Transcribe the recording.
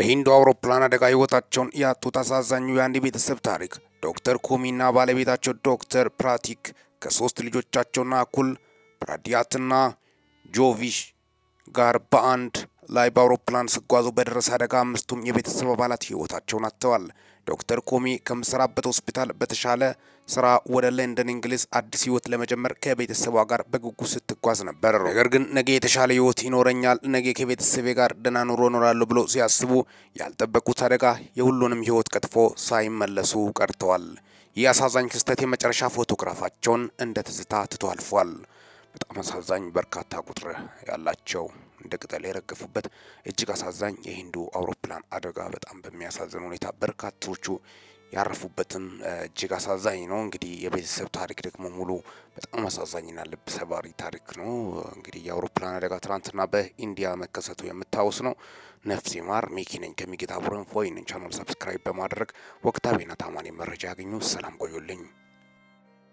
በሂንዱ አውሮፕላን አደጋ ህይወታቸውን ያጡት አሳዛኙ የአንድ ቤተሰብ ታሪክ ዶክተር ኩሚና ባለቤታቸው ዶክተር ፕራቲክ ከሶስት ልጆቻቸውና እኩል ፕራዲያትና ጆቪሽ ጋር በአንድ ላይ በአውሮፕላን ሲጓዙ በደረሰ አደጋ አምስቱም የቤተሰብ አባላት ህይወታቸውን አጥተዋል። ዶክተር ኮሚ ከምሰራበት ሆስፒታል በተሻለ ስራ ወደ ለንደን እንግሊዝ አዲስ ህይወት ለመጀመር ከቤተሰቧ ጋር በጉጉት ስትጓዝ ነበር። ነገር ግን ነገ የተሻለ ህይወት ይኖረኛል፣ ነገ ከቤተሰቤ ጋር ደህና ኑሮ እኖራለሁ ብሎ ሲያስቡ ያልጠበቁት አደጋ የሁሉንም ህይወት ቀጥፎ ሳይመለሱ ቀርተዋል። ይህ አሳዛኝ ክስተት የመጨረሻ ፎቶግራፋቸውን እንደ ትዝታ ትቶ አልፏል። በጣም አሳዛኝ በርካታ ቁጥር ያላቸው እንደ ቅጠል የረገፉበት እጅግ አሳዛኝ የሂንዱ አውሮፕላን አደጋ በጣም በሚያሳዝን ሁኔታ በርካቶቹ ያረፉበትም እጅግ አሳዛኝ ነው። እንግዲህ የቤተሰብ ታሪክ ደግሞ ሙሉ በጣም አሳዛኝና ልብ ሰባሪ ታሪክ ነው። እንግዲህ የአውሮፕላን አደጋ ትናንትና በኢንዲያ መከሰቱ የምታወስ ነው። ነፍስ ማር ሚኪ ነኝ ከሚጌታ ቡረንፎይን ቻናል ሰብስክራይብ በማድረግ ወቅታዊና ታማኝ መረጃ ያገኙ። ሰላም ቆዩልኝ።